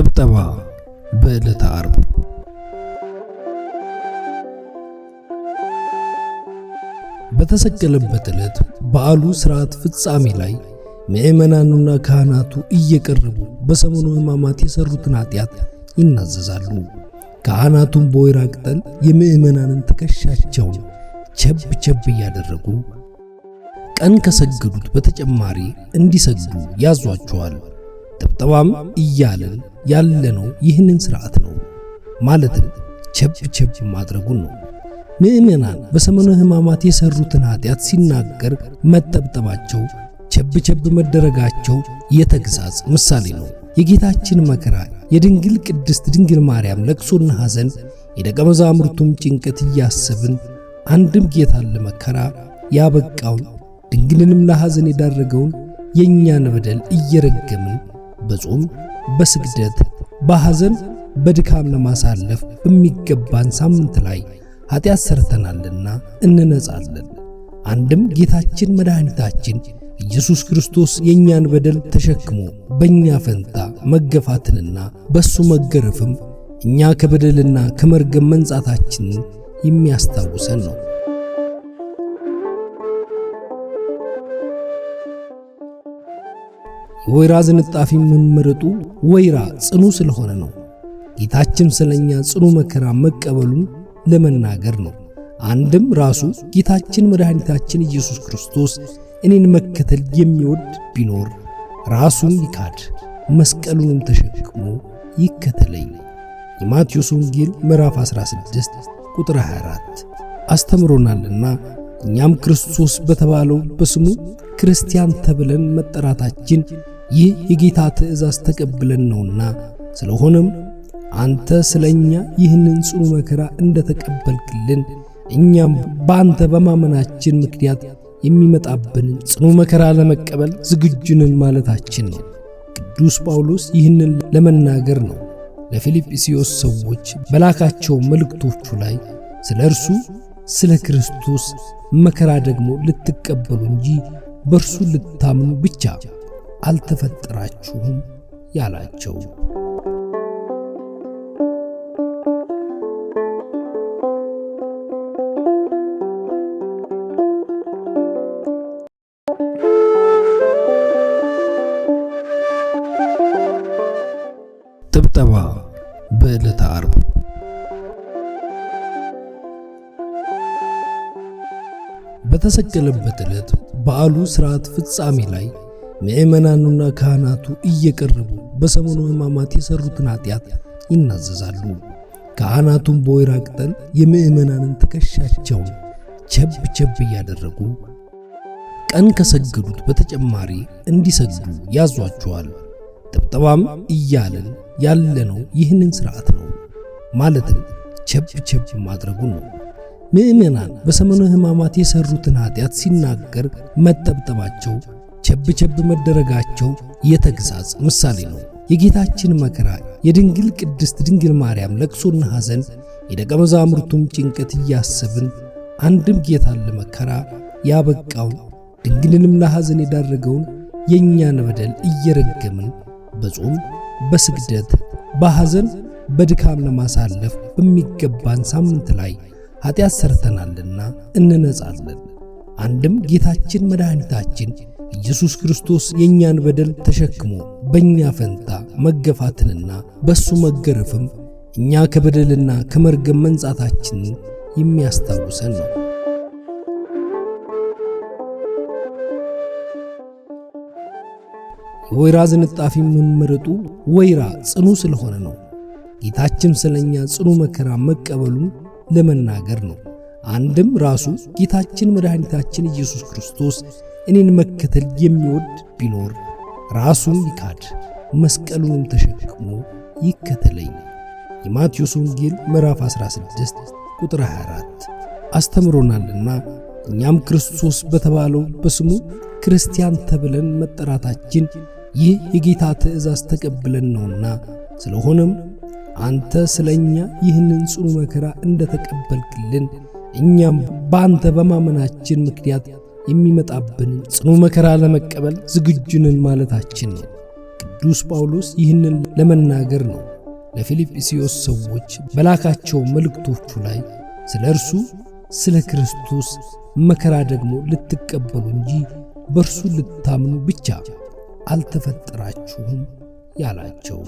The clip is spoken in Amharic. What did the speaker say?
ጥብጠባ በዕለተ ዓርብ በተሰቀለበት ዕለት በዓሉ ሥርዓት ፍጻሜ ላይ ምዕመናኑና ካህናቱ እየቀረቡ በሰሙኑ ሕማማት የሠሩትን ኃጢአት ይናዘዛሉ። ካህናቱም በወይራ ቅጠል የምዕመናንን ትከሻቸውን ቸብ ቸብ እያደረጉ ቀን ከሰገዱት በተጨማሪ እንዲሰግዱ ያዟቸዋል። ጥብጠባም እያልን ያለነው ይህንን ስርዓት ነው። ማለትም ቸብ ቸብ ማድረጉን ነው። ምእመናን በሰሙነ ሕማማት የሰሩትን ኃጢአት ሲናገር መጠብጠባቸው፣ ቸብ ቸብ መደረጋቸው የተግሳጽ ምሳሌ ነው። የጌታችን መከራ፣ የድንግል ቅድስት ድንግል ማርያም ለቅሶና ሐዘን፣ የደቀ መዛሙርቱም ጭንቀት እያሰብን አንድም ጌታን ለመከራ ያበቃውን ድንግልንም ለሐዘን የዳረገውን የእኛን በደል እየረገምን በጾም በስግደት በሐዘን በድካም ለማሳለፍ በሚገባን ሳምንት ላይ ኃጢአት ሰርተናልና እንነጻለን። አንድም ጌታችን መድኃኒታችን ኢየሱስ ክርስቶስ የእኛን በደል ተሸክሞ በእኛ ፈንታ መገፋትንና በሱ መገረፍም እኛ ከበደልና ከመርገም መንጻታችንን የሚያስታውሰን ነው። የወይራ ዝንጣፊ መመረጡ ወይራ ጽኑ ስለሆነ ነው። ጌታችን ስለኛ ጽኑ መከራ መቀበሉን ለመናገር ነው። አንድም ራሱ ጌታችን መድኃኒታችን ኢየሱስ ክርስቶስ እኔን መከተል የሚወድ ቢኖር ራሱን ይካድ መስቀሉንም ተሸክሞ ይከተለኝ። የማቴዎስ ወንጌል ምዕራፍ 16 ቁጥር 24 አስተምሮናልና እኛም ክርስቶስ በተባለው በስሙ ክርስቲያን ተብለን መጠራታችን ይህ የጌታ ትእዛዝ ተቀብለን ነውና፣ ስለሆነም አንተ ስለኛ ይህንን ጽኑ መከራ እንደተቀበልክልን እኛም በአንተ በማመናችን ምክንያት የሚመጣብንን ጽኑ መከራ ለመቀበል ዝግጁንን ማለታችን ነው። ቅዱስ ጳውሎስ ይህንን ለመናገር ነው ለፊልጵስዩስ ሰዎች በላካቸው መልእክቶቹ ላይ ስለ እርሱ ስለ ክርስቶስ መከራ ደግሞ ልትቀበሉ እንጂ በእርሱ ልታምኑ ብቻ አልተፈጠራችሁም ያላቸው። ጥብጠባ በዕለተ ዓርብ በተሰቀለበት ዕለት በዓሉ ሥርዓት ፍጻሜ ላይ ምእመናኑና ካህናቱ እየቀረቡ በሰሞኑ ሕማማት የሠሩትን ኃጢአት ይናዘዛሉ። ካህናቱም በወይራ ቅጠል የምእመናንን ትከሻቸውን ቸብ ቸብ እያደረጉ ቀን ከሰገዱት በተጨማሪ እንዲሰግዱ ያዟቸዋል። ጥብጠባም እያለን ያለነው ይህንን ሥርዓት ነው። ማለትም ቸብ ቸብ ማድረጉ ነው። ምእመናን በሰሙነ ሕማማት የሠሩትን ኃጢአት ሲናገር መጠብጠባቸው ቸብ መደረጋቸው የተግሣጽ ምሳሌ ነው። የጌታችን መከራ፣ የድንግል ቅድስት ድንግል ማርያም ለቅሶና ሐዘን፣ የደቀ መዛሙርቱም ጭንቀት እያሰብን አንድም ጌታን ለመከራ ያበቃውን ድንግልንም ለሐዘን የዳረገውን የእኛን በደል እየረገምን በጾም በስግደት በሐዘን በድካም ለማሳለፍ በሚገባን ሳምንት ላይ ኃጢአት ሰርተናልና እንነጻለን። አንድም ጌታችን መድኃኒታችን ኢየሱስ ክርስቶስ የእኛን በደል ተሸክሞ በእኛ ፈንታ መገፋትንና በእሱ መገረፍም እኛ ከበደልና ከመርገም መንጻታችንን የሚያስታውሰን ነው። ወይራ ዝንጣፊ መመረጡ ወይራ ጽኑ ስለሆነ ነው። ጌታችን ስለኛ ጽኑ መከራ መቀበሉን ለመናገር ነው። አንድም ራሱ ጌታችን መድኃኒታችን ኢየሱስ ክርስቶስ እኔን መከተል የሚወድ ቢኖር ራሱን ይካድ መስቀሉንም ተሸክሞ ይከተለኝ። የማቴዎስ ወንጌል ምዕራፍ 16 ቁጥር 24 አስተምሮናልና እኛም ክርስቶስ በተባለው በስሙ ክርስቲያን ተብለን መጠራታችን ይህ የጌታ ትእዛዝ ተቀብለን ነውና፣ ስለሆነም አንተ ስለ እኛ ይህንን ጽኑ መከራ ተቀበልክልን እኛም በአንተ በማመናችን ምክንያት የሚመጣብን ጽኑ መከራ ለመቀበል ዝግጁንን ማለታችን ነው። ቅዱስ ጳውሎስ ይህንን ለመናገር ነው ለፊልጵስዩስ ሰዎች በላካቸው መልእክቶቹ ላይ ስለ እርሱ ስለ ክርስቶስ መከራ ደግሞ ልትቀበሉ እንጂ በእርሱ ልታምኑ ብቻ አልተፈጠራችሁም ያላቸው።